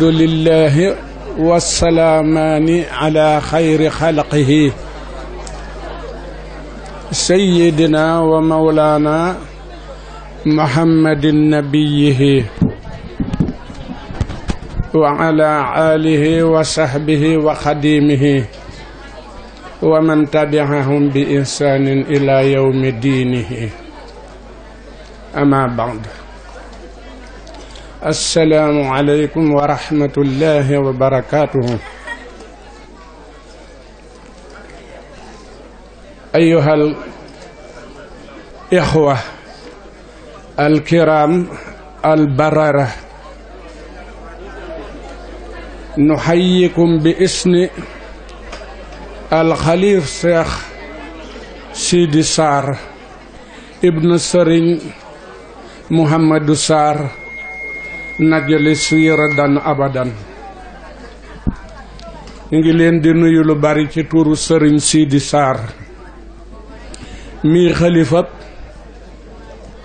alhamdulillahi wasalaamaani ala xayri xalqihi sayidina wa mawlaana muhammadin nabiyihi wa ala aalihi wa sahbihi wa xadiimihi wa man tabiahum bi insaanin ila yawmi diinihi ama ba'd asalaamualeykum wa rahmatullahi wa barakaatuhu أيها الإخوة الكرام البررة نحييكم باسم الخليف شيخ سيدي سار ابن سرين محمد سار najali siiradan abadan mu ngi leen di nuyu lu bari ci tuuru sëriñ Sidi Sarr mii xalifab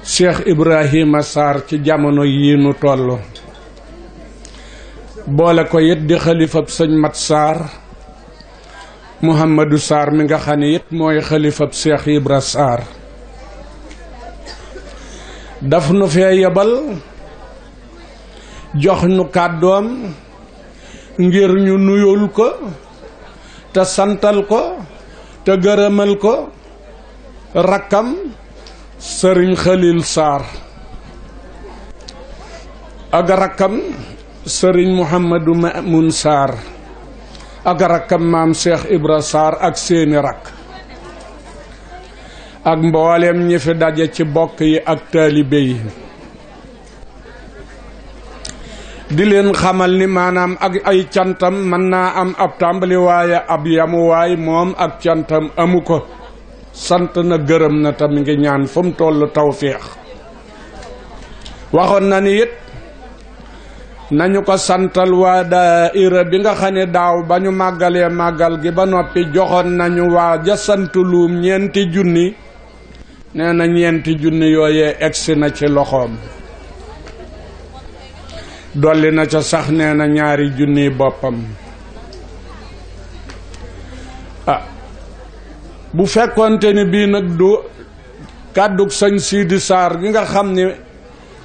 Cheikh Ibrahima Sarr ci jamono yi nu toll boole ko it di xalifab sëñ Mat Sarr Mouhamadou Sarr mi nga xam ne it mooy xalifab Cheikh Ibra Sarr daf nu fee yebal jox nu kàddoom ngir ñu nuyul ko te santal ko te gërëmal ko rakkam sëriñ Xalil Saar ak rakkam sëriñ Muhammadu Mamun Saar ak rakkam maam Cheikh Ibra Saar ak seeni rakk ak mboolem ñi fi daje ci bokk yi ak taalibe yi di leen xamal ni maanaam ak ay cantam mën naa am ab tàmbali waaye ab yamuwaay moom ak cantam amu ko sant na gërëm na tam ngi ñaan fu mu toll tawféex waxoon na ni it nañu ko santal waa daayira bi nga xam ne daaw ba ñu màggalee màggal gi ba noppi joxoon nañu waa ja sant luum ñeenti junni nee na ñeenti junni yooyee egsi na ci loxoom dolli na ca sax nee na ñaari junniy boppam ah, bu fekkonte ni bii nag du kàddug sëñ siidi saar gi nga xam ni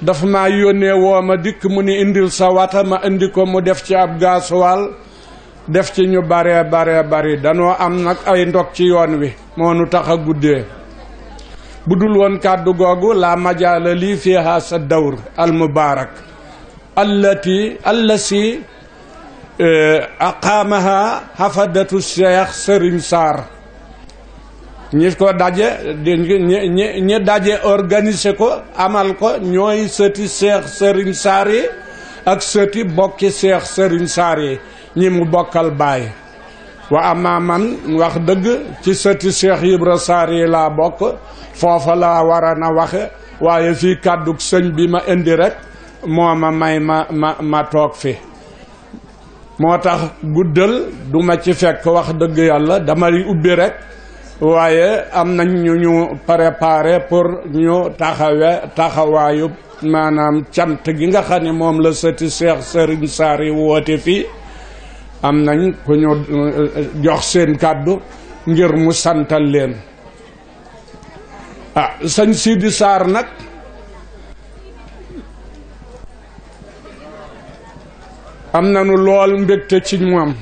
dafa ma yónnee woo ma dikk mu ni indil sa wata ma indi ko mu def ci ab gaasuwal def ci ñu bare bare bari danoo am nag ay ndog ci yoon wi moo nu tax a guddee bu dul woon kàddu googu laa majaala lii fiiha sa dawr al mubaarak si allasi e, aqaamaha hafadatu cheikh sëriñ Sarr ñi ko daje ñi ñi daje organiser ko amal ko ñooy sëti cheikh Serigne Sarr yi ak sëti bokki cheikh Serigne Sarr yi ñi mu bokkal baay wa ama man wax dëgg ci sëti cheikh Ibra Sarr yi laa bokk foofa laa waran a waxe waaye fii kàddug sëñ bi ma indi rek moo ma may ma ma ma toog fi moo tax guddal du ma ci fekk wax dëgg yàlla damay ubbi rek waaye am nañ ñu ñu préparé pour ñu taxawe taxawaayu maanaam cant gi nga xam ne moom la sëti Cheikh Serigne Sarr yi woote fii am nañ ku ñu euh, jox seen kàddu ngir mu santal leen ah sëñ Sidi Sarr nag am nanu lool mbégte ci moom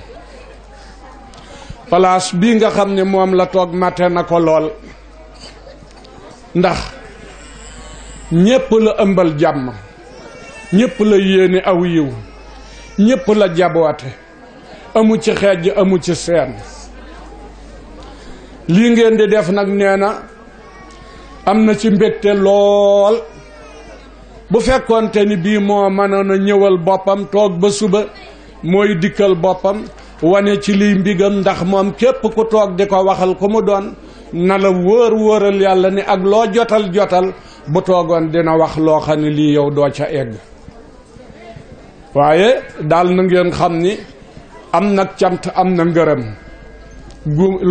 palaas bii nga xam ne moom la toog mate na ko lool ndax ñépp la ëmbal jàmm ñépp la yéene aw yiw ñépp la jaboote amu ci xeej amu ci seen lii ngeen di def nag nee na am na ci mbégte lool bu fekkoonte ni bii moo mënoon a ñëwal boppam toog ba suba mooy dikkal boppam wane ci liy mbigam ndax moom képp ku toog di ko waxal ku mu doon na la wóor wóoral yàlla ni ak loo jotal jotal bu toogoon dina wax loo xam ne lii yow doo ca egg waaye dal na ngeen xam ni am na cant am na ngërëm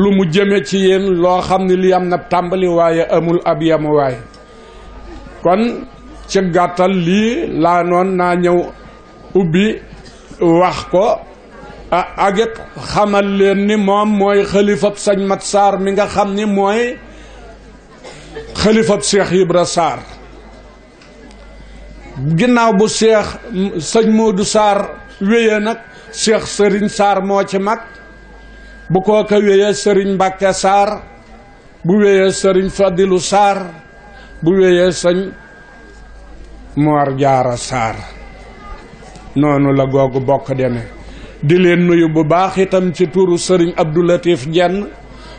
lu mu jëme ci yéen loo xam ne lii am na tàmbali waaye amul ab yamuwaay ca gàttal lii laa noon naa ñëw ubbi wax ko ak it xamal leen ni moom mooy xalifab sañ mat saar mi nga xam ni mooy xalifab Cheikh Ibra Saar ginnaaw bu Cheikh sëñ Modou Saar wéyee nag Cheikh Serigne Saar moo ci mag bu koo ko wéyee Serigne Mbacke Saar bu wéyee Serigne Fadilu Saar bu wéyee sëñ Moor Jaara Saar noonu la googu bokk deme di leen nuyu bu baax itam ci turu sëriñ Abdou Latif Jenn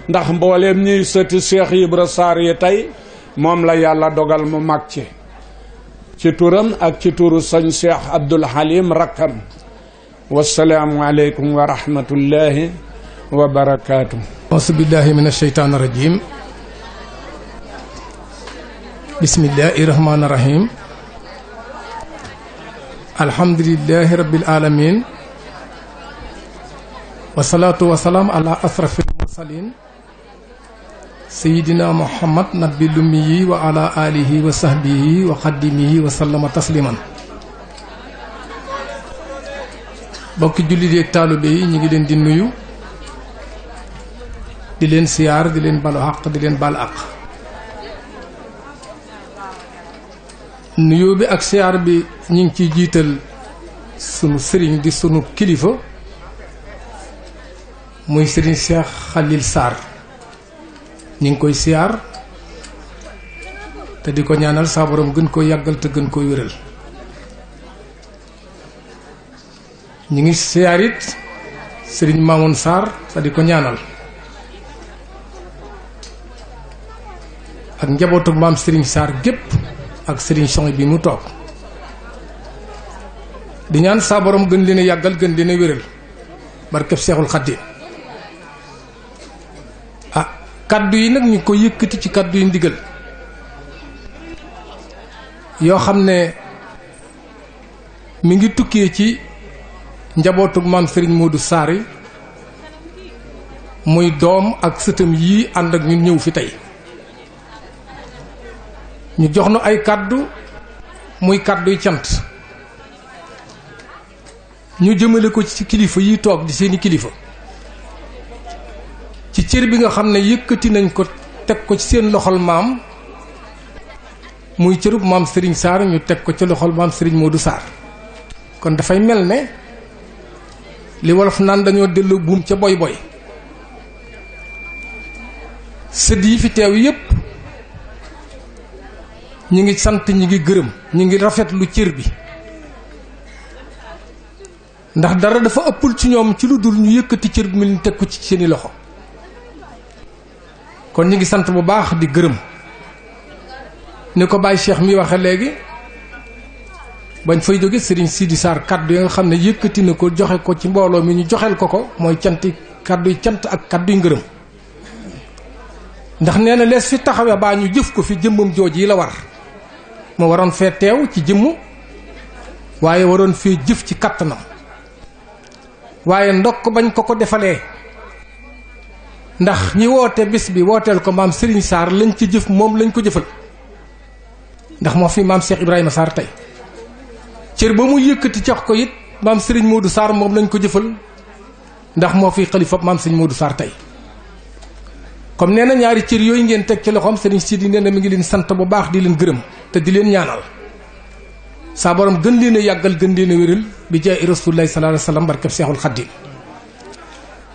ndax mbooleem ñuy sëti Cheikh Ibra Saar yi tey moom la yàlla dogal mu mag ci ci turam ak ci turu sëñ Cheikh Abdoul Halim rakkam wasalaamu aleykum wa rahmatullahi wa barakaatu asubillahi min asheytaan alhamdulilahi rabbil alamin wasalaatu wasalaam ala asrafil mursalin sayidina muhammad nabi lummiyi wa wa sahbihi wa xaddimihi wa sallama tasliman bokki jullit yeeg taalibe yi ñu ngi leen di nuyu di leen siyaar di leen balu àq di leen bal àq nuyoo bi ak siyaar bi ñu ngi ciy jiital sunu sëriñ di sunu kilifa muy sëriñ Cheikh Khalil ñu ngi koy siyaar te di ko ñaanal saa borom gën koo yàggal te gën koo wéral ñu ngi siyaar it sëriñ Mamoun Sarr te di ko ñaanal ak njabootu maam sëriñ Sarr gépp ak sëriñ Song bi mu toog di ñaan saa borom gën leen a yàggal gën leen a wéral barkeb Seexul Xadiim ah kàddu yi nag ñu ko yëkkati ci kàddu yi ndigal yoo xam ne mi ngi tukkee ci njabootuk maam Serigne du saari muy doom ak sëtam yii ànd ak ñun ñëw fi tey ñu jox nu ay kàddu muy kàdduy cant ñu jëmale ko ci kilifa yi toog di seeni kilifa ci cër bi nga xam ne yëkkati nañ ko teg ko ci seen loxol maam muy cërub maam Serigne Sarr ñu teg ko ci loxol maam Serigne Modou Sarr kon dafay mel ne li wolof naan dañoo delloo buum ca boy boy sëdd yi fi teew yépp ñu ngi sant ñi ngi gërëm ñu ngi rafetlu cër bi ndax dara dafa ëppul ci ñoom ci lu dul ñu yëkkati cër bi mu leen teg ko ci seeni loxo kon ñu ngi sant bu baax di gërëm ni ko bàyyi Cheikh mi waxe léegi bañ fay jóge Serigne Sidi Sarr kaddu yi nga xam ne yëkkati ne ko joxe ko ci mbooloo mi ñu joxeel ko ko mooy canti kaddu cant ak kaddu ngërëm ndax nee na lees fi taxawee baa ñu jëf ko fi jëmmam jooj yi la war ma waroon fee teew ci jimmu waaye waroon fee jëf ci kàttanam waaye ndokk bañ ko ko defalee ndax ñi woote bis bi wooteel ko maam Serigne saar lañ ci jëf moom lañ ko jëfal ndax moo fi maam Cheikh Ibrahima Sarr tey cër ba mu yëkkati jox ko it maam Serigne Modou Sarr moom lañ ko jëfal ndax moo fi xalifa maam Serigne Modou Sarr tey comme nee na ñaari cër yooyu ngeen teg ci loxoom Serigne Sidi nee na mi ngi leen sant bu baax di leen gërëm. te di leen ñaanal saa borom gën leen yàggal gën leen wéral bi jaay rasulillahi sallallahu alayhi wasallam barkeb seexul xaddim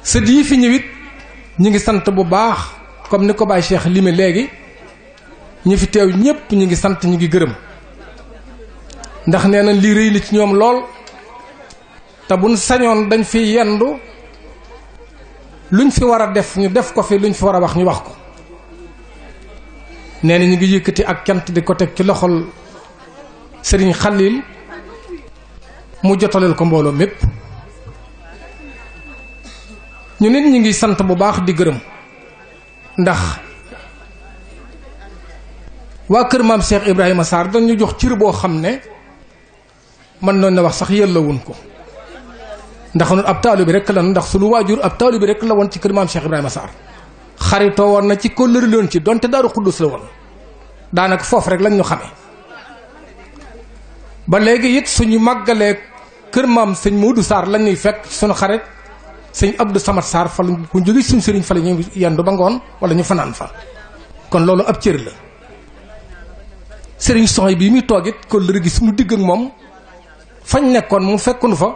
sët yi fi ñëwit ñu ngi sant bu baax comme ni ko Baye Cheikh lime léegi ñu fi teew ñépp ñu ngi sant ñu ngi gërëm ndax nee na lii rëy na ci ñoom lool te buñ sañoon dañ fi yendu luñ fi war a def ñu def ko fi luñ fi war a wax ñu wax ko nee na ñu ngi yëkkati ak cant di ko teg ci loxol sëriñ Xalil mu jotaleel ko mbooloo mépp ñu nit ñu ngi sant bu baax di gërëm ndax waa kër maam Cheikh Ibrahima Sarr dañu jox cir boo xam ne man noon wax sax yellawuñ ko ndax noonu ab taalu bi rek la ndax sunu waajur ab taalu bi rek la woon ci kër maam Cheikh Ibrahima Sarr xaritoo woon na ci kóllëri loon ci donte daaru xuddus la woon daanaka foofu rek lañ ñu xamee ba léegi it suñu màggalee kër maam sëñ Moodu Sarr lañ ñuy fekk suñu xarit sëñ ab Samad Sarr saar lañ ku jóge suñu sëriñ fa la ñu yendu ba ngoon wala ñu fanaan fa kon loolu ab cër la sëriñ soxna bii muy toog it kóllëri gi suñu digg ak moom fañ nekkoon mu fekkunu fa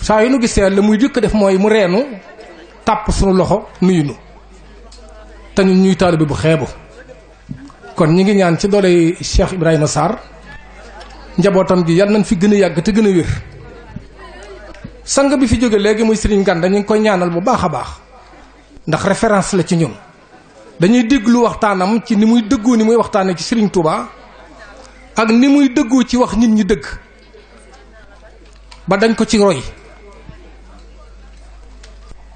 saa yi nu gisee la muy jëkk def mooy mu reenu tàpp suñu loxo nuyu te ñun ñuy taalibe bu xeebu kon ñi ngi ñaan ci doole Cheikh Ibrahima Sarr njabootam gi yal nañ fi gën a yàgg te gën a wér sang bi fi jóge léegi muy Serigne Ganda ñu ngi koy ñaanal bu baax a baax ndax référence la ci ñun dañuy déglu waxtaanam ci ni muy dëggoo ni muy waxtaanee ci Serigne Touba ak ni muy dëggoo ci wax nit ñi dëgg ba dañ ko ci roy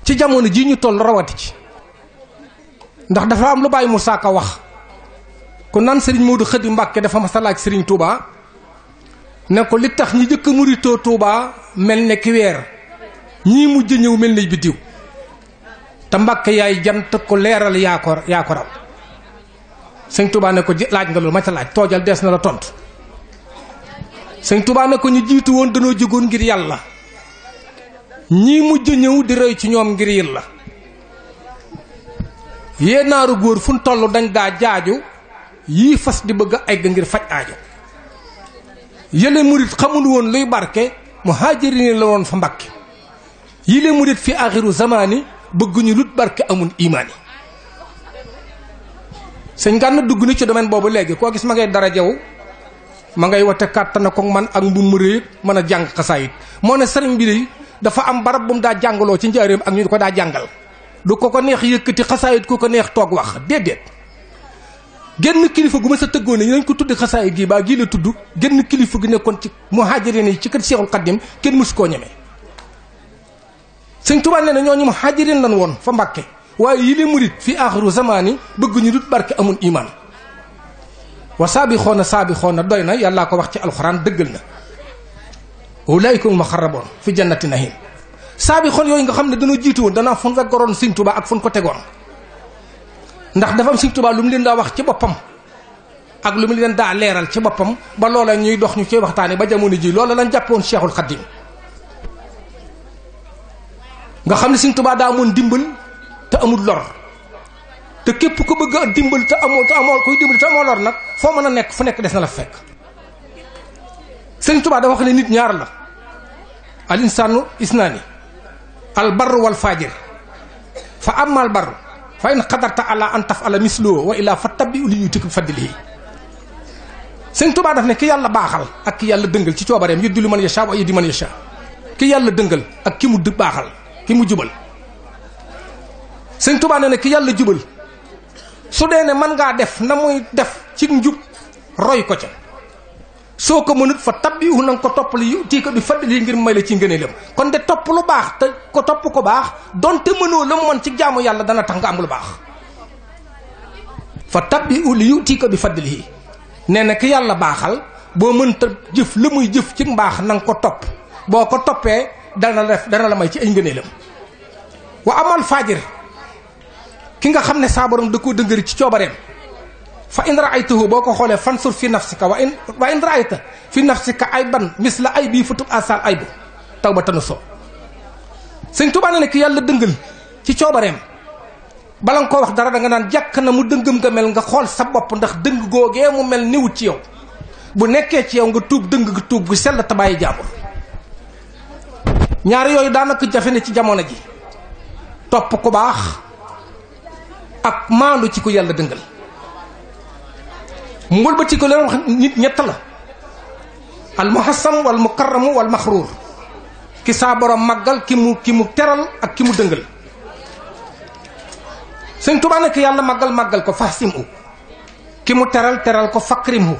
ci jamono jii ñu toll rawati ci ndax dafa am lu bàyyi mu Ka wax ku naan Serigne Modou Khady mbàkke dafa mas a laaj Touba ne ko li tax ñi njëkk a muritoo Touba mel ne ki weer ñii mujj ñëw mel ne biddiw te Mbacke yaay jant ko leeral yaa ko yaa ko raw sëñ Touba ne ko laaj nga loolu ma laaj toojal dees na la tontu sëñ Touba ne ko ñu jiitu woon danoo jógoon ngir yàlla ñii mujj ñëw di roy ci ñoom ngir yàlla. yee naaru góor fu ñu toll dañ daa jaaju yii fas di bëgg ay egg ngir faj aajo yële murit xamul woon luy barke mu haajiri la woon fa mbàkke yile murit fi axiru zamaani bëgguñu lut barke amul imaani sëñ gànn dugg na ci domaine boobu léegi koo gis ma ngay dara jaw ma ngay wate kàttana ko man ak mbu mu mën a jàng xasaayit moo ne sëriñ bi dafa am barab bu mu daa jàngaloo ci njaareem ak ñu di ko daa jàngal du ko ko neex yëkkati xasaayit ku ko neex toog wax déedéet genn kilifa gu ma sa tëggoon ne nañ ko tudd xasaayit gi baa gii la tudd genn kilifa gu nekkoon ci muhaajiriin yi ci kër Seexul Xaddim kenn mësu koo ñeme sëñ Tuubaa nee na ñooñu muhaajiriin lan woon fa Mbàkke waaye yi le murit fi aaxiru zamaani bëgg ñu dut barke amul imaan wa saabixoona saabixoona doy na yàllaa ko wax ci alxuraan dëggal na ulaayikumul muqarraboon fi jannati nahim saabi xon yooyu nga xam ne dañoo jiitu woon danaa fun raggoroon Sëñ tubaa ak fun ko tegoon ndax dafa am Sëñ Tuubaa lu mu leen daa wax ci boppam ak lu mu leen daa leeral ci boppam ba loola ñuy dox ñu ci waxtaane ba jamono ji loola lañ jàppoon Cheikhul Khadim nga xam ne Sëñ tubaa daa amoon dimbal te amul lor te képp ku bëgg a dimbal te amoo te amoo kuy dimbal te amoo lor nag foo mën a nekk fu nekk des na la fekk Sëñ tubaa dafa wax ne nit ñaar la al insaanu isnaani albarru wa fajir fa ma albarru fa in xadarta ala an taf ala mislo wa illa fattabi li yutik fadlihi sëñ Tuubaa daf ne ki yàlla baaxal ak ki yàlla dëngal ci coobareem yuddi lu man yasha wa di man yasha ki yàlla dëngal ak ki mu baaxal ki mu jubal sëñ Tuubaa ne ki yàlla jubal su dee ne mën ngaa def na muy def ci njub roy ko ca soo ko mënut fa tab yu ko toppali yu tii ko di faddali ngir may la ci ngëneelam kon de topp lu baax te ko topp ko baax donte mënoo la mu mën ci jaamu yàlla dana tax nga am lu baax fa tab yu li yu tii ko di faddali nee na ki yàlla baaxal boo mënta jëf li muy jëf ci mbaax na nga ko topp boo ko toppee dana la def dana la may ci ay ngëneelam wa amal faajir ki nga xam ne saa borom da koo dëngëri ci coobareem fa in raaytahu boo ko xoolee fansur fi nafsika wa in wa in raayta fi nafsika ay ban mis la ay bii futub asal ay bu taw soo sëñ Tuubaa ne yàlla dëngal ci coobareem bala nga koo wax dara danga nga naan jàkk na mu dëngam nga mel nga xool sa bopp ndax dëng googee mu mel niwut ci yow bu nekkee ci yow nga tuub dëng nga tuub gu sell te bàyyi jaabur ñaari yooyu daanaka jafe ne ci jamono ji topp ku baax ak maandu ci ku yàlla dëngal mu wëlbati ko leen wax nit ñett la al muhassam wal mukarramu wal maxruur ki saa borom màggal ki mu ki mu teral ak ki mu dëngal sëñ Tuubaa nag yàlla màggal màggal ko fahsim u ki mu teral teral ko fakrim u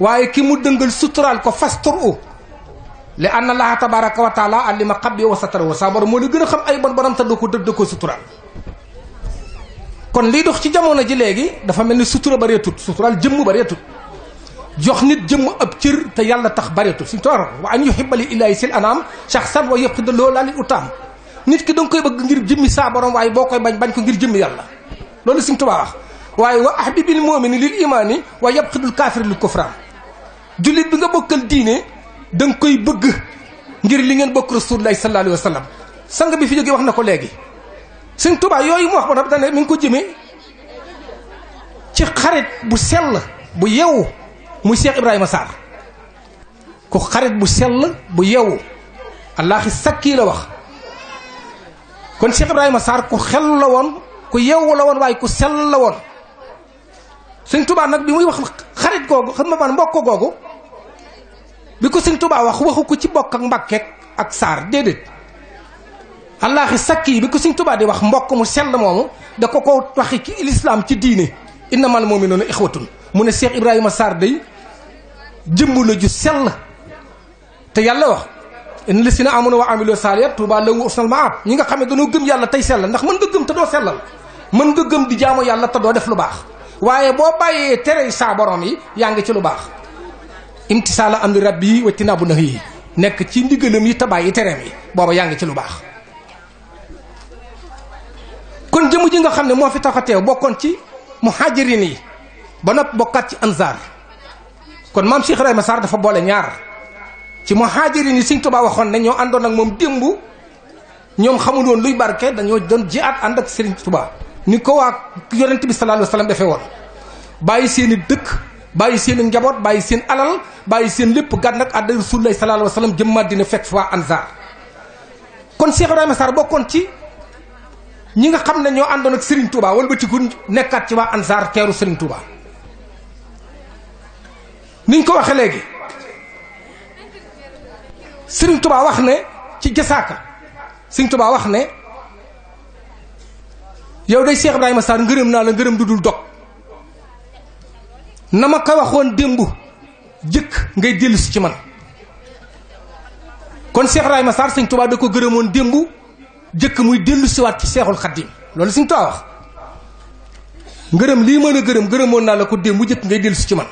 waaye ki mu dëngal suturaal ko fastur u li anna allaha tabaraka wa taala allima xab yi wa satara wa saa a xam ay bon borom te du ko dëdd ko kon liy dox ci jamono ji léegi dafa mel ni sutura bëreetut suturaal jëmm bëreetut jox nit jëmm ab cër te yàlla tax bëreetut suñu toor wa an yuhibbali ilaahi sil anaam shaxsan wa yëpp da loolu laalil utaam nit ki da nga koy bëgg ngir jëmmi saa borom waaye boo koy bañ bañ ko ngir jëmmi yàlla loolu suñ tubaa wax waaye wa ahbibil mu'mini lil imaani wa yabxidul kaafiri lil kufraan jullit bi nga bokkal diine da koy bëgg ngir li ngeen bokk rasulullahi sallallahu alayhi wa sallam sang bi fi jógee wax na ko léegi sëñ Tuubaa yooyu mu wax ba noppi dane mi ngi ko jëmee ci xarit bu sell bu yewu muy Cheikh Ibrahima Sarr ku xarit bu sell bu yewu allaaxi sakki la wax kon Cheikh Ibrahima Sarr ku xel la woon ku yewu la woon waaye ku sell la woon sëñ Tuubaa nag bi muy wax xarit googu xam nga man mbokk googu bi ko sëñ tubaa wax waxu ko ci bokk ak mbàkkeek ak Sarr déedéet allaaxi sakk yi bi ko suñ tubaa di wax mbokk mu sell moomu da ko ko waxi ci lislaam ci diine moom innamal mu'minuuna ixwatun mu ne Cheikh Ibrahima Sarr day jëmm la ju sell te yàlla wax inna lisina amanu wa amilu saalihaat tuubaa lahum husnul maab ñi nga xam ne dañoo gëm yàlla tey sell ndax mën nga gëm te doo sellal mën nga gëm di jaamu yàlla te doo def lu baax waaye boo bàyyee tere saa borom yi yaa ngi ci lu baax imtisaala am rabbi yi wacci naa bu nax yi nekk ci ndigalam yi te bàyyi tereem yi booba yaa ci lu baax kon jëmm ji nga xam ne moo fi tax a teew bokkoon ci muhajirin yi ba nopp bokkaat ci ansaar kon maam Cheikh Ibrahima Sarr dafa boole ñaar ci muhajirin yi Sëñ Tuubaa waxoon ne àndoon ak moom démb ñoom xamul woon luy barke dañoo doon jihaad ànd ak Sëriñ Tuubaa ni ko waa yonent bi sallallahu alayhi wa defee woon bàyyi seen dëkk bàyyi seen i njaboot bàyyi seen alal bàyyi seen lépp gàtt nag àdda Rasulullah sallallahu alayhi wa sallam jëm Madina fekk fi waa ansaar bokkoon ci ñi nga xam ne ñoo àndoon ak Serigne Touba walbatiku nekkaat ci waa Ansaar teeru Serigne Touba niñ ko waxee léegi Serigne Touba wax ne ci jasaaka Serigne Touba wax ne yow de day Cheikh Ibrahima Sarr ngërëm naa la ngërëm du dul dog na ma ko waxoon démb jëkk ngay dellusi ci man kon Cheikh Ibrahima Sarr Serigne Touba da ko gërëmoon démb. jëkk muy dellu siwaat ci seexul xaddim loolu suñ too wax ngërëm lii mën a gërëm gërëmoon naa la ko démb bu jëkk ngay dellu si ci man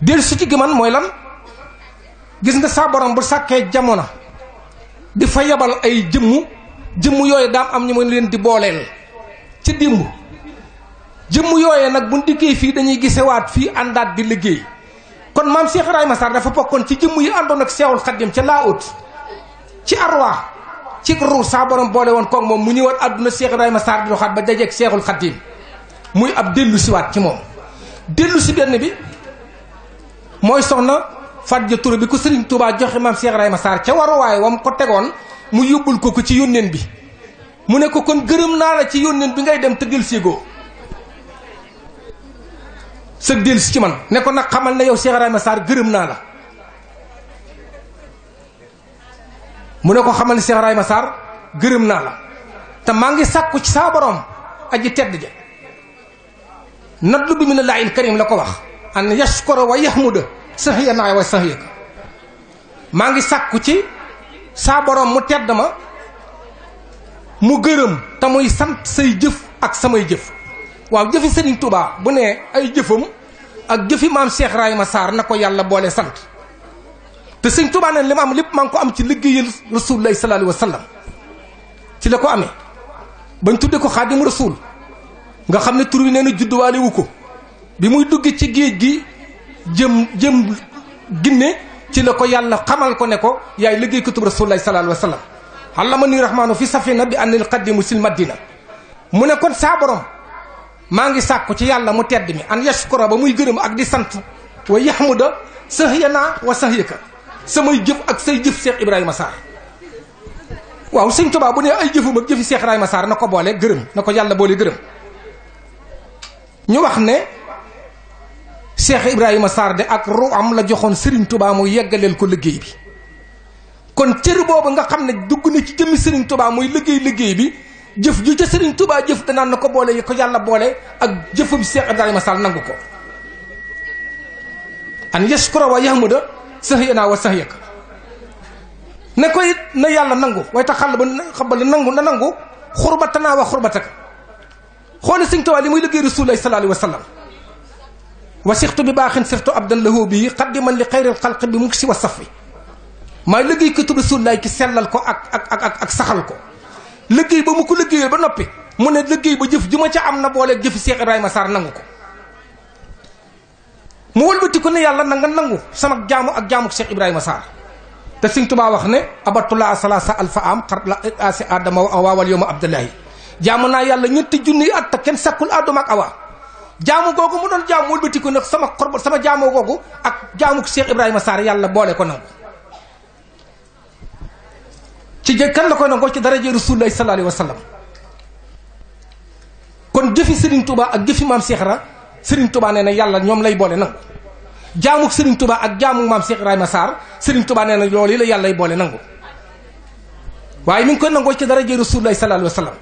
dellu si man mooy lan gis nga saa borom bu sàkkee jamono di fa yabal ay jëmm jëmm yooyu daam am ñu mën leen di booleel ca démb jëmm yooyee nag bu dikkee fii dañuy gisewaat fii àndaat di liggéey kon maam Cheikh Ibrahima Sarr dafa bokkoon ci jëmm yi àndoon ak seexul xaddim ca laa ut ci arwa ci ruur saa boole woon koog moom mu ñëwaat àdduna Cheikh Ibrahima Sarr di doxaat ba dajeeg Cheikhul Khadim muy ab dellu siwaat ci moom dellu si benn bi mooy soxna Fatou Dia Touré bi ko sëriñ Touba joxe maam Cheikh Ibrahima Sarr ca waruwaay wam ko tegoon mu yóbbul ko ko ci yónneen bi mu ne ko kon gërëm naa la ci yónneen bi ngay dem te del séegoo sëg dellu si ci man ne ko nag xamal na yow Cheikh Ibrahima saar gërëm naa la mu ne ko xamal ni Cheikh Ibrahima Sarr gërëm naa la te maa ngi sàkku ci saa borom aji tedd ja natlubu min allaahil karim la ko wax an yashkura wa yahmuda sahiyanaa wa sahiyaka maa ngi sàkku ci saa borom mu tedd ma mu gërëm te muy sant say jëf ak samay jëf waaw jëfi Serigne Touba bu ne ay jëfam ak jëfi maam Cheikh Ibrahima Sarr na ko yàlla boole sant te sëñ Tuubaa ne li ma am lépp maa ngi ko am ci liggéeyal rasulullahi sallallahu alayhi wa sallam ci la ko amee bañ tudde ko xaadim rasul nga xam ne tur wi nee na judduwaale wu ko bi muy dugg ci géej gi jëm jëm ginne ci la ko yàlla xamal ko ne ko yaay liggéey ko tub rasulullahi sallallahu alayhi wa sallam allama ni rahmaanu fi safina bi annil qadimu sil madina mu ne kon saa maa ngi sàkku ci yàlla mu tedd mi an yashkura ba muy gërëm ak di sant wa yahmuda sahyanaa wa sahyaka samay jëf ak say jëf Cheikh Ibrahima Sarr waaw sëñ Tuubaa bu ne ay jëfum ak jëfi Cheikh Ibrahima saar na ko boole gërëm na ko yàlla boole gërëm ñu wax ne Cheikh Ibrahima Sarr de ak ru am la joxoon Serigne Touba mu yeggaleel ko liggéey bi kon cër boobu nga xam ne dugg na ci jëmmi Serigne tubaa muy liggéey liggéey bi jëf ju ca Serigne tubaa jëf danaan na ko boole yi ko yàlla boole ak jëfam Cheikh Ibrahima Sarr nangu ko an yashkura wa yahmuda sahyanaa wa sahyaka ne ko it na yàlla nangu waaye tax xàll ba xabal nangu na nangu naa wa xurbataka xooli sëñ Tuubaa li muy liggéey Rasuulu Laahi sallallaahu alayhi wa wa sixtu bi baaxin sixtu abdan lahu bii xaddiman li xayril xalqi bi mu si wa safi maay liggéey këtu Rasuulu Laahi ki sellal ko ak ak ak saxal ko liggéey ba mu ko liggéeyal ba noppi mu ne liggéey ba jëf ju ma ca am na boole jëfi Cheikh Ibrahima Sarr nangu ko mu wëlbatiku ne yàlla na nga nangu sama jaamu ak jaamu Cheikh Ibrahima Sarr te Sëriñ Tuubaa wax ne abatulaa salaasa alfa am xar la asi adama wa awaawal jaamu naa yàlla ñetti junni kenn sàkkul adama ak awa jaamu googu mu doon nag sama xor sama jaamu googu ak jaamu Cheikh Ibrahima Sarr yàlla boole ko nangu ci jë ci daraja rasulullahi sallallahu alayhi wa sallam kon Sëriñ Tuubaa ak jëfi maam Cheikh ra Sëriñ nee na yàlla ñoom lay boole nangu jaamuk sëriñ Touba ak jaamuk maam Cheikh Ibrahima Sarr Serigne Touba nee na loolu la yàlla boole nangu waaye mi ngi koy nangoo ci daraja Rasulullah sallallahu alayhi wa sallam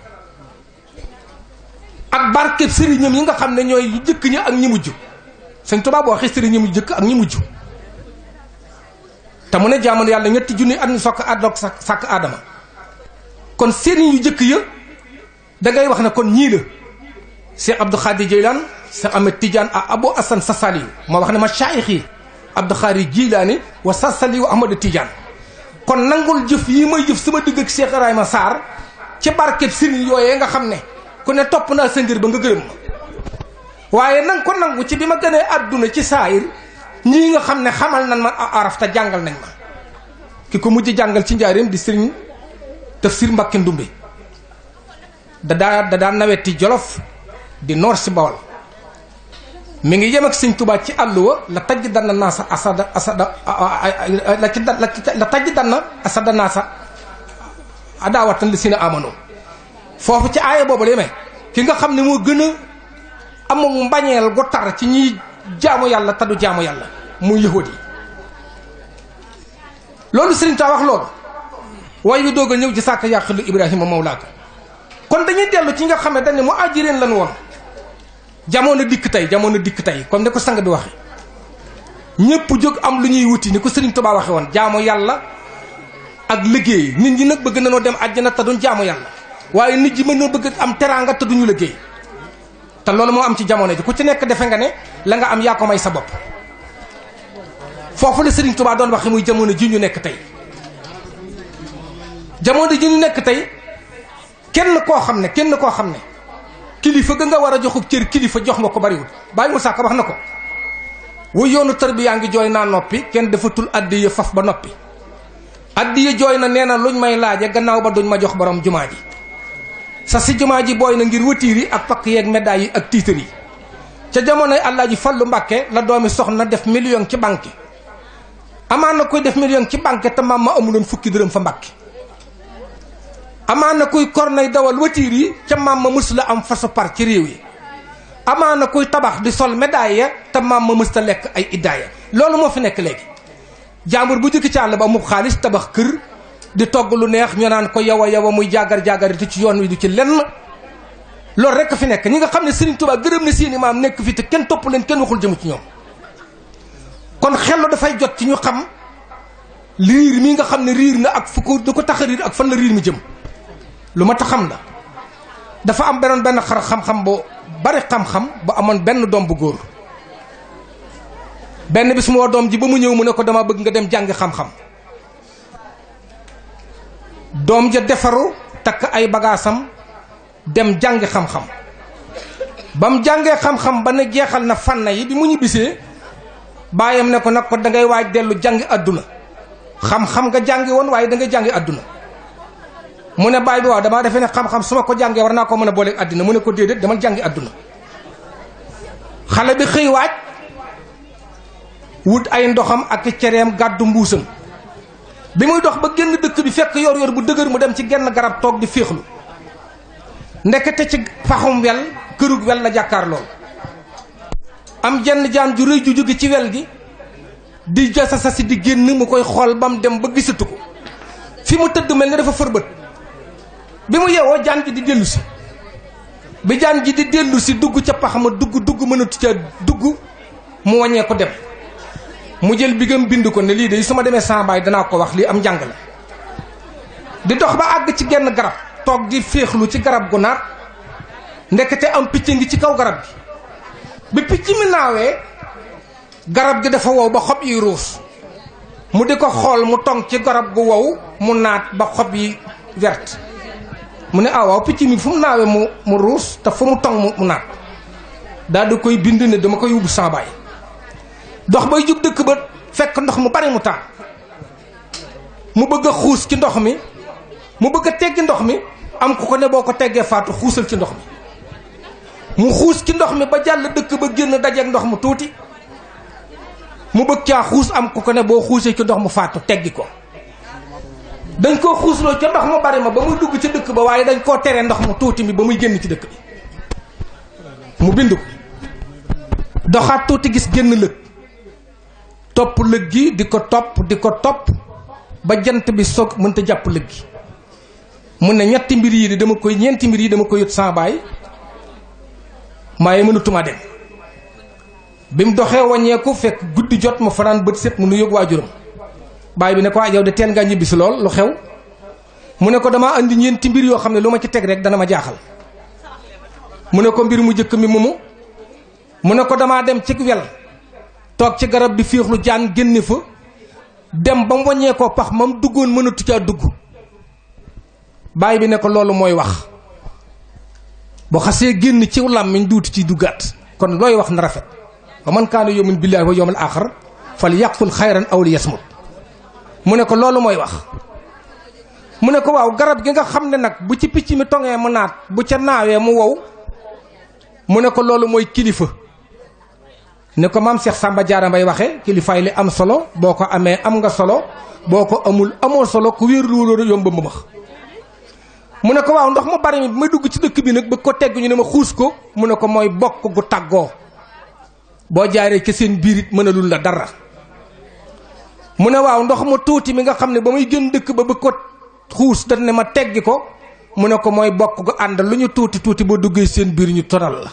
ak barkeb sëriñam yi nga xam ne ñooy ñu jëkk ñi ak ñi mujj Sëriñ tubaa boo waxee sëriñam yu jëkk ak ñi mujj te mu ne jaamono yàlla ñetti junni at ñu sokk àddoog sa sàkk aadama kon sëriñ yu jëkk ya dangay wax ne kon ñii la Cheikh Abdou Khadir Jeylaan sa Ahmed Tidiane a Abou Hassan Sassali ma wax ne ma shaayix yi Abdou Khari Jilaani wa Sassali wa Ahmed Tidiane kon nangul jëf yi may jëf sama digg ak Cheikh ma saar ci barket sëriñ yooyee nga xam ne ku ne topp naa sa ngir ba nga gërëm ma waaye nang ko nangu ci bi ma gënee àdduna ci saayir ñii nga xam ne xamal nañ ma araf te jàngal nañ ma ki ko mujj jàngal ci njaareem di sëriñ Tafsir Mbàkke Ndumbe da daa da daa Jolof di noor si bawal mi ngi yem ak sëñ Tuubaa ci àll wa la tajj danna naasa asada asada la ci la tajj danna asada naasa adaawatan li si na amano foofu ci aaya boobu la may ki nga xam ne moo gën a amul mbañeel gu tar ci ñiy jaamu yàlla te du jaamu yàlla muy yahudi yi loolu sëriñ Tuubaa wax loolu waaye yu doog a ñëw ci sàkk yàq lu Ibrahima Mawlaaka kon dañuy dellu ci nga xam ne dañ ne mu lan woon jamono dikk tey jamono dikk tey kon ni ko sang bi waxe ñëpp jóg am lu ñuy wuti ni ko Sëriñ Tuubaa waxe woon jaamu yàlla ak liggéey nit ñi nag bëgg nañoo dem àjjana te duñ jaamu yàlla waaye nit ñi mën noo bëgg am teraanga te duñu liggéey te loolu moo am ci jamono ji ku ci nekk defe nga ne la nga am yaa ko may sa bopp foofu la Sëriñ tubaa doon waxe muy jamono ji ñu nekk tey jamono ji ñu nekk tey kenn koo xam ne kenn koo xam ne kilifa ga nga war a joxub cër kilifa jox nga ko bariwul bàyyi mu sàkk na ko wu yoonu tarbiyaa ngi jooy naa noppi kenn defatul addiya faf ba noppi addiya jooy na nee na luñ may laaje gannaaw ba duñ ma jox boroom jumaa ji sa si jumaa ji booy na ngir watiir yi ak pakk yeeg médailles yi ak tiitar yi ca jamonoy Alaaji Fallu Mbàkke la doomi soxna def million ci banque amaan na koy def million ci banque te ma amuloon fukki dërëm fa mbàkke amaana kuy nay dawal watiir yi ca maam ma mës la am fasu par ci réew yi na koy tabax di sol médaille ya te maam ma mës ta lekk ay iddaaya loolu moo fi nekk léegi jàmbur bu jëkk ci àll ba mu xaalis tabax kër di togg lu neex ñu naan ko yow a yow a muy jàggar jàggar ci yoon wi du ci lenn loolu rekk fi nekk ñi nga xam ne Sëriñ Tuubaa gërëm ne seeni maam nekk fii te kenn topp leen kenn waxul jëm ci ñoom kon xellu dafay jot ci ñu xam riir mi nga xam ne riir na ak fu ko du ko ak fan la riir mi jëm lu ma taxam la dafa am beneen benn xar xam-xam bu bari xam-xam bu amoon benn doom bu góor benn bis mu doom ji ba mu ñëw mu ne ko dama bëgg nga dem jàngi xam-xam doom ja defaru takk ay bagaasam dem jàngi xam-xam ba mu jàngee xam-xam ba ne jeexal na fànn yi bi mu ñibbisee baayam ne ko nag ko dangay waaj dellu jàngi àdduna xam-xam nga jàngi woon waaye dangay jàngi àdduna mu ne baay bi wax damaa defee ne xam-xam su ma ko jàngee war naa ko mën a booleeg àddina mu ne ko déedéet dama jàngi àdduna xale bi xëy waaj wut ay ndoxam ak cereem gàddu mbuusam bi muy dox ba génn dëkk bi fekk yor yor bu dëgër mu dem ci genn garab toog di féexlu ndekete ci faxum wel kërug wel la jàkkaar lool am jenn jaan ju ju jóge ci wel gi di si di génn mu koy xool mu dem ba gisatu ko fi mu tëdd mel ni dafa fërbët bi mu yeewoo jaan ji di dellu si bi jaan ji di dellu si dugg ca pax ma dugg dugg mënatu ca dugg mu wàññee ko dem mu jël bigam bind ko ne lii de su ma demee sama baay danaa ko wax li am njàng la di dox ba àgg ci genn garab toog di féexlu ci garab gu naat ndekete am picc ngi ci kaw garab bi bi picc mi naawee garab gi dafa wow ba xob yi ruus mu di ko xool mu tong ci garab gu wow mu naat ba xob yi wert mu ne ah picc mi fu mu naawee mu mu ruus te fu mu toŋ mu naat daal koy bind ne dama ko yóbbu saa dox bay jub dëkk ba fekk ndox mu bari mu taa mu bëgg a xuus ci ndox mi mu bëgg a teggi ndox mi am ku ko ne boo ko teggee faatu xuusal ci ndox mi mu xuus ci ndox mi ba jàll dëkk ba génn dajeeg ndox mu tuuti mu bëgg caa xuus am ku ko ne boo xuusee ci ndox mu faatu teggi ko dañ koo xuusloo ca ndox mu bari ma ba muy dugg ca dëkk ba waaye dañ koo tere ndox mu tuuti mi ba muy génn ci dëkk bi mu bind ko doxaat tuuti gis génn lëg topp lëg gi di ko topp di ko topp ba jant bi soog mënta jàpp lëg gi mu ne ñetti mbir yi di dama koy ñeenti mbir yi dama koy yët sans bàyyi maaye mënatuma dem bi mu doxee wàññeeku fekk guddi jot ma fanaan bët set mu nu yëg waajuram baay bi ne ko ah, yow de teen ngaa ñibbi si lool lu xew mu ne ko damaa andi ñeenti mbir yoo xam ne lu ma ci teg rek dana ma jaaxal mu ne ko mbir mu njëkk mi moomu mu ne ko damaa dem ci wel toog ci garab di fiixlu jaan génne fa dem ba mu waññee koo pax mam duggoon mënatu caa dugg baay bi ne ko loolu mooy wax bu xasee génn ci làmmiñ duuti ci duggaat kon looy wax na rafet wa man kaana yu'minu billaahi wa yawmil aaxir fal yaqul xayran aw liyasmut mu ne ko loolu mooy wax mu ne ko waaw garab gi nga xam ne nag bu ci picc mi toŋee mu naat bu ca naawee mu wow mu ne ko loolu mooy kilifa ne ko maam Cheikh Samba Diarra Mbaye waxee kilifaay li am solo boo ko amee am nga solo boo ko amul amoo solo ku wéeru lu yomb ba max mu ne ko waaw ndox mu bari mi ma dugg ci dëkk bi nag bëgg ko tegg ne ma xuus ko mu ne ko mooy bokk gu tàggoo boo jaaree ca seen biir it mënalul la dara. mu ne waaw ndox mu tuuti mi nga xam ne ba muy gën dëkk ba bëgg ko xuus dañ ne ma teggi ko mu ne ko mooy bokk gu ànd lu ñu tuuti tuuti ba duggee seen biir ñu tonal la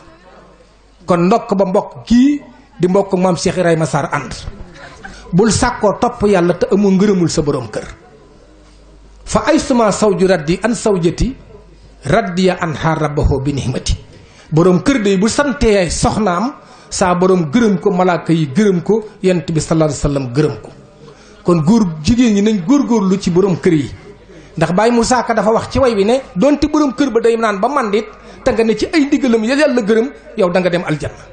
kon ndokk ba mbokk kii di mbokk maam Cheikh Ibrahima Sarr ànd bul sàkkoo topp yàlla te amul ngërëmul sa borom kër fa ay suma saw ju raddi an saw jëti raddi ya an xaar rabbaxoo bi nihmati borom kër day bu santee soxnaam saa borom gërëm ko malaaka yi gërëm ko yent bi sallallahu alayhi wa gërëm ko kon góor jigéen ñi góor góorgóorlu ci boroom kër yi ndax baay Moussa Ka dafa wax ci way wi ne donte borom kër ba day naan ba mandit te nga ne ci ay ndigalam ya yàlla gërëm yow da nga dem aljanna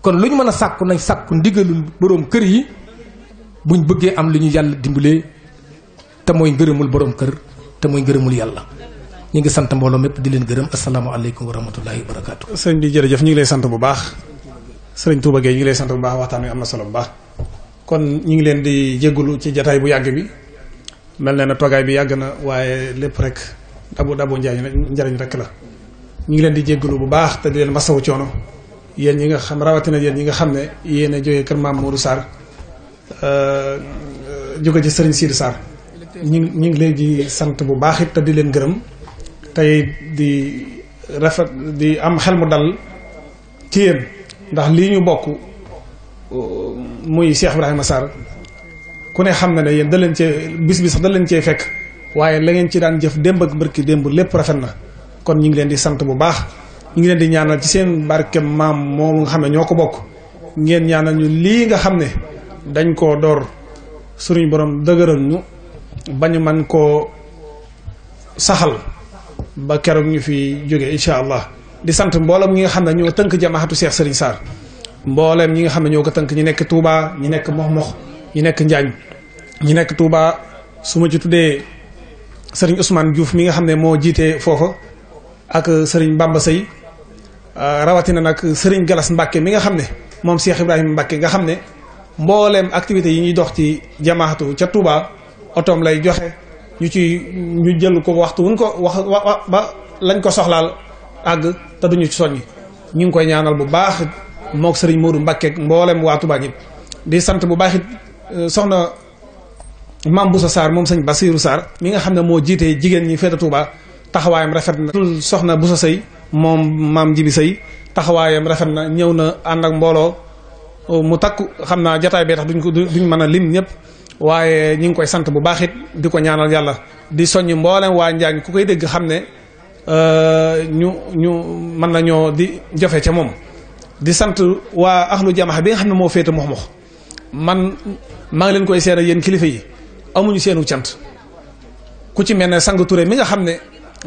kon lu ñu mën a sàkku nañ sàkku ndigalul borom kër yi buñ bëggee am lu ñu yàlla dimbalee te mooy ngërëmul borom kër te mooy ngërëmul yàlla ñu ngi sant mbooloo mépp di leen gërëm asalaamaaleykum wa rahmatullahi wa barakaatu. sëñ bi jërëjëf ñu ngi lay sant bu baax sëriñ Touba Gueye ñu ngi lay sant bu baax waxtaan wi am na solo bu baax. kon ñu ngi leen di jégalu ci jataay bu yàgg bi mel na ne togaay bi yàgg na waaye lépp rek dabu dabu njariñ rek njariñ rek la ñu ngi leen di jégalu bu baax te di leen masawu coono yéen ñi nga xam rawatina yéen ñi nga xam ne yéen a jógee kër maam Modou Sarr euh, jóge ci Serigne Sidi Sarr ñu ñu ngi leen di sant bu baax it te di leen gërëm tey di rafet di am xel mu dal ci yéen ndax lii ñu bokk. muy Cheikh Ibrahima Sarr ku ne xam na ne yéen da leen cee bis bi sax da leen cee fekk waaye la ngeen ci daan jëf démb ak barki démb lépp rafet na kon ñu ngi leen di sant bu baax ñu di ñaanal ci seen barke maam moomu nga xam ne ñoo ko bokk ngeen ñaanal ñu lii nga xam ne dañ koo door suñu borom dëgëral ñu bañu man koo saxal ba keroog ñu fi jóge incha allah di sant mbooloo mi nga xam ne ñoo tënk jamaxatu Cheikh Serigne Sarr mbooleem ñi nga xam ne ñoo ko tënk ñi nekk Touba ñi nekk Mox-Mox ñi nekk Njaañ ñi nekk Touba su ma ci tuddee sëriñ Ousmane Diouf mi nga xam ne moo jiite foofa ak sëriñ Bamba Seye euh, rawatina nag sëriñ Galas Mbacke mi nga xam ne moom Cheikh Ibrahima Mbacke nga xam ne mbooleem activités yi ñuy dox ci jamaatu ca Touba otoom lay joxe ñu ci ñu jël ko waxtu wuñ ko wax ba lañ ko soxlaal àgg te duñu ci soññ ñu ngi koy ñaanal bu baax. mook sëriñ Modou Mbacke ak mboolem waa Touba gi di sant bu baax it euh, soxna maam Boussa Sarr moom sëñ Basirou Sarr mi nga xam ne moo jiitee jigéen ñi féete Touba taxawaayam rafet na. soxna bu sa Sey moom maam Jibi Sey taxawaayam rafet na ñëw na ànd ak mbooloo euh, mu takku xam naa jataay bee tax duñ ko duñ mën a lim ñëpp. waaye ñu ngi koy sant bu baax it di ko ñaanal yàlla di soññ mboolem waa Njaañ ku koy dégg xam ne euh, ñu ñu mën nañoo di jafe ca moom. di sant waa axlu jamaxa bi nga xam ne moo féete mox mox man maa ngi leen koy seere yéen kilifa yi amuñu seenu cant ku ci mel ne sang ture mi nga xam ne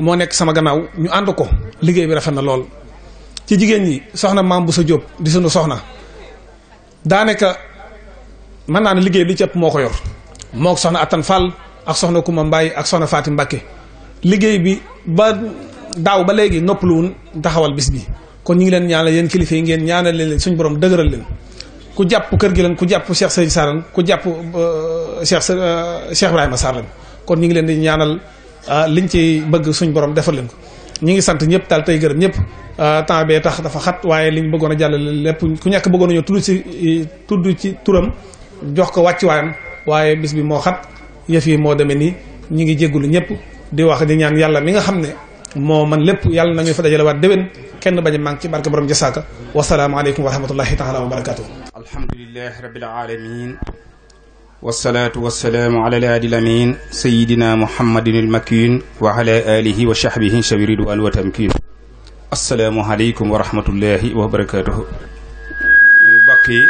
moo nekk sama gannaaw ñu ànd ko liggéey bi rafet na lool ci jigéen ñi soxna maam bu sa jóob di sunu soxna daanaka mën naa ne liggéey bi ci moo ko yor moo soxna Attan Fall ak soxna Kuma Mbaye ak soxna faati Mbakke liggéey bi ba daaw ba léegi noppaluwun taxawal bis bi kon ñu ngi leen ñaanal yéen kilifa yi ngeen ñaanal leen suñu borom dëgëral leen ku jàpp kër gi lan ku jàpp Cheikh Sëriñ Sarr lan ku jàpp euh, Cheikh euh, Cheikh Ibrahima Sarr kon ñu ngi leen di ñaanal euh, liñ ci bëgg suñu borom defal leen ko ñu ngi sant ñëpp daal tey gërëm ñëpp temps bee tax dafa xat waaye liñ bëggoon a leen lépp ku ñàkk bëggoon a ñëw tudd ci tudd ci turam jox ko wàcc waayam waaye bis bi moo xat yëf yi moo demee nii ñu ngi jéggulu ñëpp di wax di ñaan yàlla mi nga xam ne moo man lépp yàlla nañu fa dajale waat déwén kenn bañ a manque ci barke borom jasaaka wasalaamualeykum wa rahmatullahi taala wa barakatuh alhamdulilahi rabbil alamin wasalaatu wasalaamu ala alaadi lamin sayidina muhammadin almakin wa ala alihi wa sahbihi shawi ridwan wa tamkin asalaamualeykum wa rahmatullahi wa barakatuh mbokk yi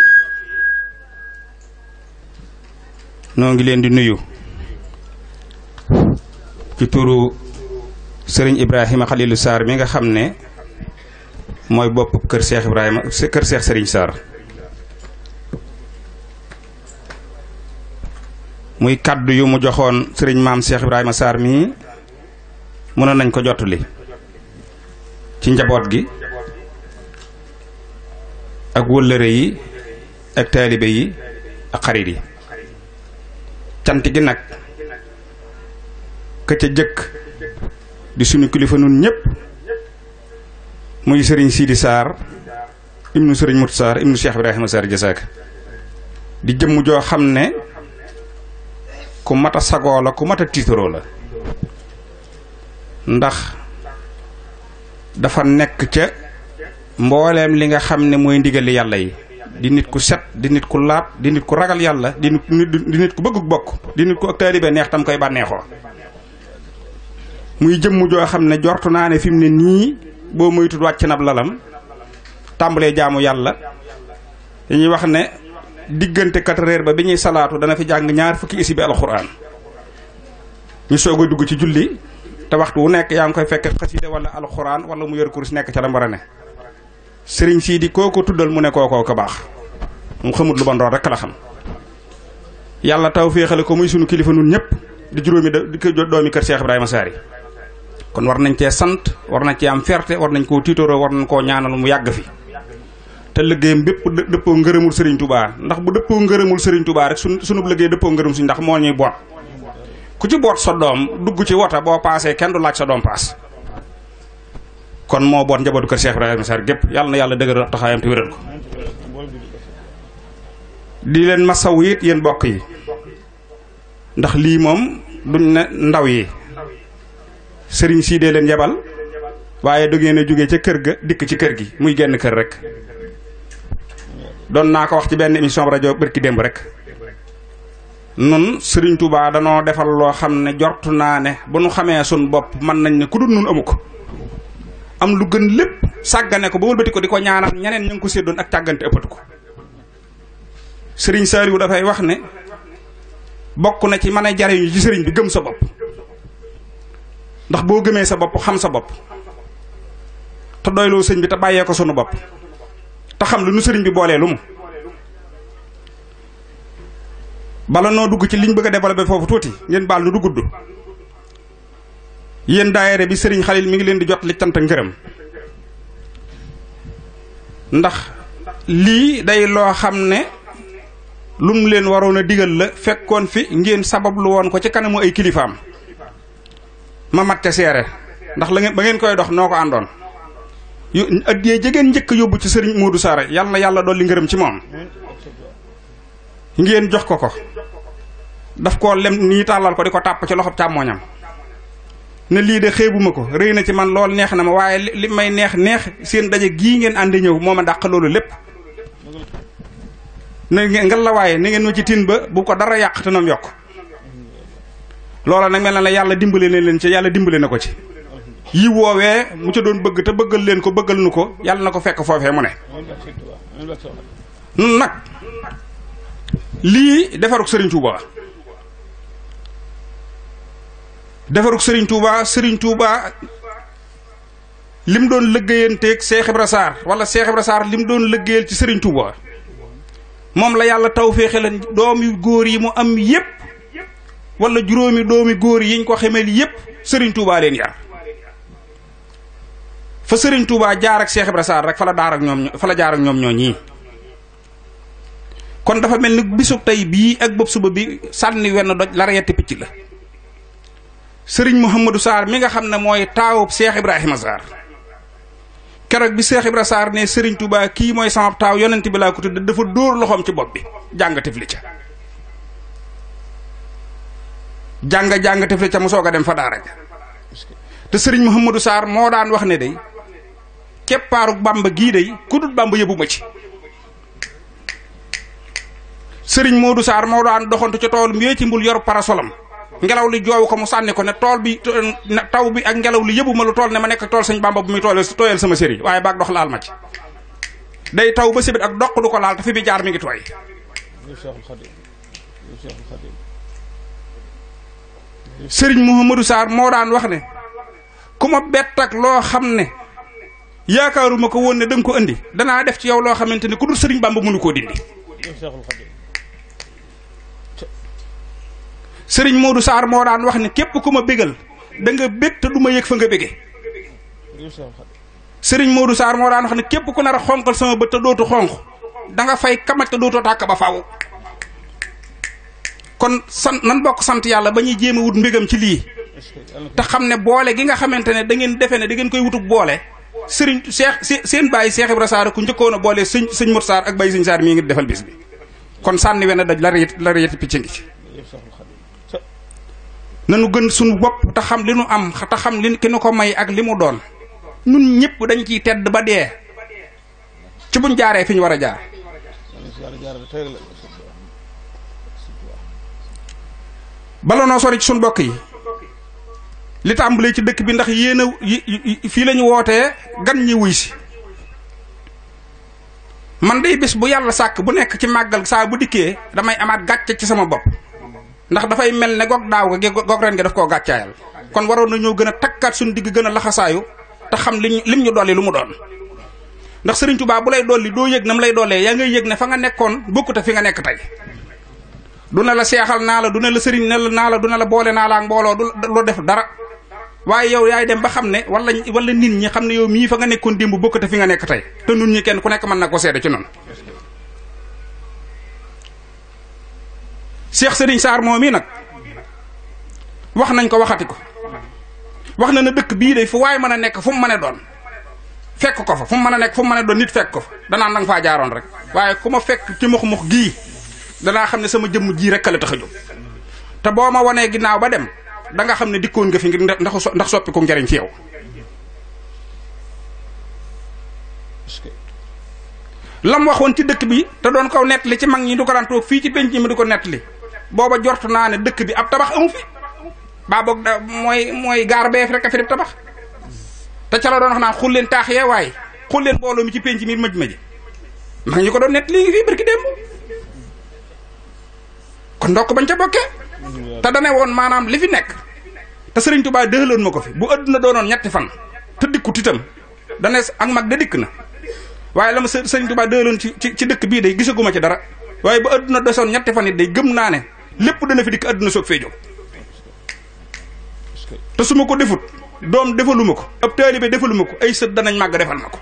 noo ngi leen di nuyu ci turu sëriñ ibrahima xalilu saar mi nga xam ne mooy bopp kër Cheikh Ibrahima kër Cheikh Serigne Sarr muy kàddu yu mu joxoon sëriñ maam Cheikh Ibrahima saar mii mënoon nañ ko jottali ci njaboot gi ak wëllëre yi ak taalibe yi ak xarit yi cant gi nag ka jëkk di suñu kilifa nun ñépp muy sëriñ Sidi Sarr ibnu sëriñ Mut Sarr ibnu Cheikh Ibrahima Sarr Jasaaka di jëmm joo xam ne ku mat a sagoo la ku mat a tiitaroo la ndax dafa nekk ca mbooleem li nga xam ne mooy ndigali yàlla yi di nit ku set di nit ku laab di nit ku ragal yàlla di nit di nit ku bëgg bokk di nit ku ak taalibe neex tam koy bànneexoo muy jëmm joo xam ne jortu naa ne fi ne nii boo moytul wàcc nab lalam tàmbalee jaamu yàlla dañuy wax ne diggante quatre heures ba bi ñuy salaatu dana fi jàng ñaar fukki isi alxuraan ñu soog a dugg ci julli te waxtu wu nekk yaa ngi koy fekk xasida wala alxuraan wala mu yor kurus nekk ca la war ne sëriñ sii di kooko tuddal mu ne koo ko baax mu xamut lu bon rek la xam yàlla taw féexale ko muy sunu kilifa nun ñëpp di juróomi doomi kër Cheikh Ibrahima Sary kon war nañ cee sant war nañ cee am fierté war nañ koo tiitooroo war nañ koo ñaanal mu yàgg fi te liggéeyam bépp dëppoo ngërëmul Serigne Touba ndax bu dëppoo ngërëmul Serigne Touba rek sunu sunu liggéey dëppoo ngërëm suñ ndax moo ñuy boot ku ci boot sa doom dugg ci wota boo paasee kenn du laaj sa doom paas kon moo boot njabootu kër Cheikh Ibrahima Sarr gépp yàlla na yàlla dëgëral taxaayam te wéral ko di leen masaw it yéen bokk yi ndax lii moom duñ ndaw yi sëriñ sii dee leen yebal waaye du ngeen a jóge ca kër ga dikk ci kër gi muy genn kër rek doon naa ko wax ci benn émission rajo bërki démb rek nun sëriñ tuubaa danoo defal loo xam ne jort naa ne bu nu xamee sun bopp mën nañ ne ku dul nun amu ko am lu gën lépp sàggane ko ba wëlbati ko di ko ñaanal ñeneen ñu ngi ko séddoon ak càggante ëppatu ko sëriñ Saliou dafay wax ne bokk na ci mën a jariñu ci sëriñ bi gëm sa bopp ndax boo gëmee sa bopp xam sa bopp te doyloo sëñ bi te bàyyee ko sunu bopp te xam lu nu sëriñ bi boolee lu mu bala noo dugg ci liñ bëgg a développé foofu tuuti ngeen baal nu du gudd yéen daayere bi sëriñ Xalil mi ngi leen di jot li cant ngërëm ndax lii day loo xam ne lu leen waroon a digal la fekkoon fi ngeen sabablu woon ko ci kanamu ay kilifaam ma mat ca seere ndax la ba ngeen koy dox noo ko àndoon yu addiyee jegeen njëkk yóbbu ci sëriñ Moodu Saare yàlla na yàlla dolli ngërëm ci moom ngeen jox ko ko daf koo lem nii tàllal ko di ko tàpp ci loxob càmmooñam ne lii de xeebuma ko rëy na ci man lool neex na ma waaye li may neex neex seen daje gii ngeen àndi ñëw moom ma dàq loolu lépp ne ngeen la waaye na ngeen ma ci tin ba bu ko dara yàq te noom yokk loola nag mel na la yàlla dimbale na leen ci yàlla dimbale na ko ci yi woowee mu ci doon bëgg te bëggal leen ko bëggal nu ko yàlla na ko fekk foofee mu ne nun nag lii defaruk sëriñ Touba defaruk sëriñ Touba sëriñ Touba mu doon lëggéeyanteeg Seex Ibra Saar wala Seex Ibra Saar lim doon lëggéeyal ci sëriñ Touba moom la yàlla taw féexe leen doom yu góor yi mu am yépp wala juróomi doomi góor yiñ ko xemel yépp sëriñ Touba leen yar fa sëriñ tuubaa jaar ak Cheikh Ibra Sarr rek fa la daar ak ñoom fa la jaar ak ñoom ñoo ñii kon dafa mel ni bisu tey bii ak bopp suba bi sànni wenn doj la reyetti picc la sëriñ Mouhamadou Sarr mi nga xam ne mooy taawub Cheikh Ibrahima Sarr keroog bi Cheikh Ibrahima Sarr ne sëriñ Touba kii mooy sama taaw yonent bi laa ko tudd dafa dóor loxoom ci bopp bi jàngatif li ca jàng jàng te fecca mu soog a dem fa daara ja te sëriñ mu Mouhamadou saar moo daan wax ne day keppaaru bamba gii day ku dul bamba yëbbu ma ci sëriñ Modou saar moo daan doxantu ca tool bi ci mbul yor parasolam ngelaw li joowu ko mu sànni ko ne tool bi taw bi ak ngelaw li yëbbu ma lu tool ne ma nekk tool sëñ bamba bu muy tooleel tooyal sama sëriñ waaye baag dox laal ma ci day taw ba sibit ak doq du ko laal te fi bi jaar mi ngi tooy sëriñ Mouhamadou saar moo daan wax ne ku ma bett ak loo xam ne yaakaaruma ko woon ne danga ko indi danaa def ci yow loo xamante ne ku dul sëriñ Bamba mënu koo dindi. sëriñ Modou moo daan wax ne képp ku ma bégal da nga bég te du ma yëg fa nga bége. sëriñ Modou Sarr moo daan wax ne képp ku nar a xonqal sama ba te dootu xonq da fay kamat te dootoo tàkk ba faaw. kon sant nan bokk sant yàlla ba ñuy jéem wut mbégam ci lii te xam ne boole gi nga xamante ne da ngeen defe ne dangeen ngeen koy wutug boole sëriñ Cheikh seen bàyyi Cheikh Ibra Sarr ku njëkkoon a boole sëñ sëñ Mor Sarr ak bàyyi sëñ Sarr mii ngi defal bis bi kon sànni wenn daj la reet la picc ngi ci nanu gën suñu bopp te xam li nu am te xam li ki nu ko may ak li mu doon nun ñëpp dañ ciy tedd ba dee ci buñ jaaree fi ñu war a jaar bala noo sori ci sunu bokk yi li tàmbalee ci dëkk bi ndax yéen a fii la ñu wootee gan ñi wuy si man day bis bu yàlla sàkk bu nekk ci màggal saa bu dikkee damay amaat gàcce ci sama bopp ndax dafay mel ne goog daaw ga goog ren gi def koo gàccaayal kon waroon nañoo gën a takkaat suñu digg gën a laxasaayu te xam liñ lim ñu dolli lu mu doon ndax Sëriñ Tuubaa bu lay dolli doo yëg nam lay doolee yaa ngay yëg ne fa nga nekkoon bokkute fi nga nekk tey du na la seexal naa la du na la sëriñ na la naa la du na la boole naa la ak mbooloo du loo def dara waaye yow yaay dem ba xam ne wala wala nit ñi xam ne yow mii fa nga nekkoon démb bokkate fi nga nekk tey te nun ñi kenn ku nekk mën na ko seede ci noonu. Cheikh Serigne Sarr moom mii nag wax nañ ko waxati ko wax na na dëkk bii de fu waay mën a nekk fu mu mën a doon fekk ko fa fu mu mën a nekk fu mu mën a doon nit fekk ko fa danaan danga faa jaaroon rek waaye ku ma fekk ci mux mux gii. danaa xam ne sama jëmm jii rek la tax a jóg te boo ma wonee ginnaaw ba dem danga xam ne dikkoon nga fi ngir ndax ndax soppi ko njariñ ci yow. wax waxoon ci dëkk bi te doon ko nettali ci mag ñi du ko daan toog fii ci penc mi di ko nettali booba jortu naa ne dëkk bi ab tabax amu fi baa boog mooy mooy gaar beef rek a fi def tabax te ca doon wax naan xul leen taax yee waaye xul leen mbooloo mi ci penc mi mëj mëj mag ñi ko doon nettali ngi fii barki démb kon ndokk bañ ca bokkee te dana woon maanaam li fi nekk te sëriñ Tuubaa dëxaloon ma ko fi bu adduna doonoon ñetti fan te dikku titam dane ak mag da dikk na waaye la ma sëriñ Tuubaa dëxaloon ci ci dëkk bii day gisaguma ci dara waaye bu adduna dosoon ñetti fan it day gëm naa ne lépp dana fi dikk adduna soog fee jóg te ko defut doom defaluma ko ab taalibe defaluma ko ay sët danañ màgg defal ma ko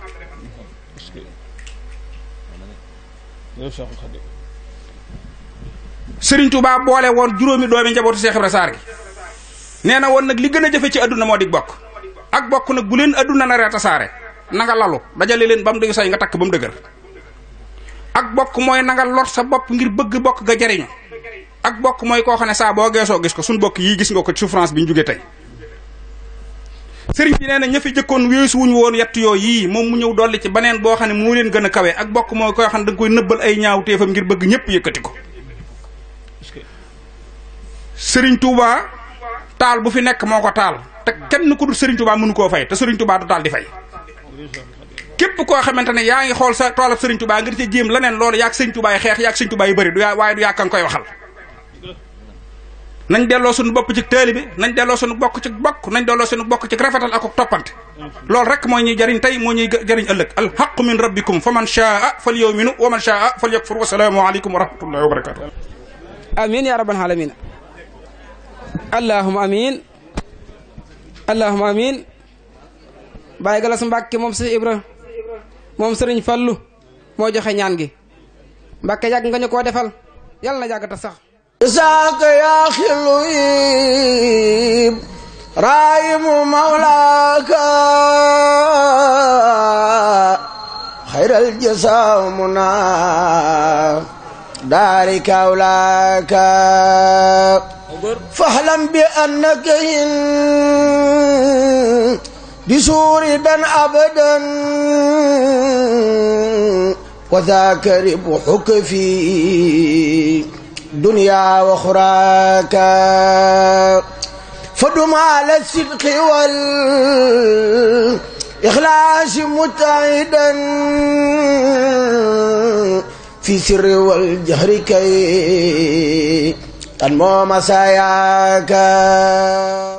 Serigne Touba boole woon juróomi doomi njabootu Cheikh Ibra Sarr gi nee na woon nag li gën a jafe ci adduna moo di bokk ak bokk na bu leen adduna na reeta saare na nga lalu dajale leen ba mu dëgg say nga takk ba mu dëgër ak bokk mooy na nga sa bopp ngir bëgg bokk ga jariñu ak bokk mooy koo xam ne saa boo geesoo gis ko suñ bokk yii gis nga ko ci souffrance bi ñu jógee tey sëriñ bi nee na ña fi jëkkoon weesu woon yett yoo yii moom mu ñëw dolli ci beneen xam ne leen gën a kawe ak bokk mooy koo xam da nga koy ay ñaaw téefam ngir bëgg ñëpp yëkkati ko sëriñ Touba taal bu fi nekk moo ko taal te kenn ku dul sëriñ Touba mënu koo fay te sëriñ Touba du taal di fay. képp koo xamante ne yaa ngi xool sa toolab sëriñ Touba nga di ca jéem leneen loolu yaag sëriñ Touba yi xeex yaag sëriñ Touba yi bëri du yaa waaye du yaa kan koy waxal. nañ delloo suñu bopp ci bi nañ delloo suñu bokk ci bokk nañ delloo suñu bokk ci rafetal ak toppante loolu rek mooy ñuy jariñ tey moo ñuy jariñ ëllëg al haqqu min rabbikum fo man shaa falyuminu wa man shaa falyakfur wa salaamu aleykum wa rahmatullahi wa barakatuh amin ya allahuma amin allahuma amin Baye Galas Mbàkke moom Seex Ibra moom Sëriñ Fallu moo joxe ñaan gi Mbàkke yàgg nga koo defal yàlla na yàgg sax isaaka yaa xilu yib raayimu mawlaaka xayral jasaa muna daarika awlaaka فاحلم بأنك إن بسور دن أبدا وذاك ربحك في دنيا وخراك فدم على الصدق والإخلاص متعدا في سر والجهر كي kan moo ma sa yaakaar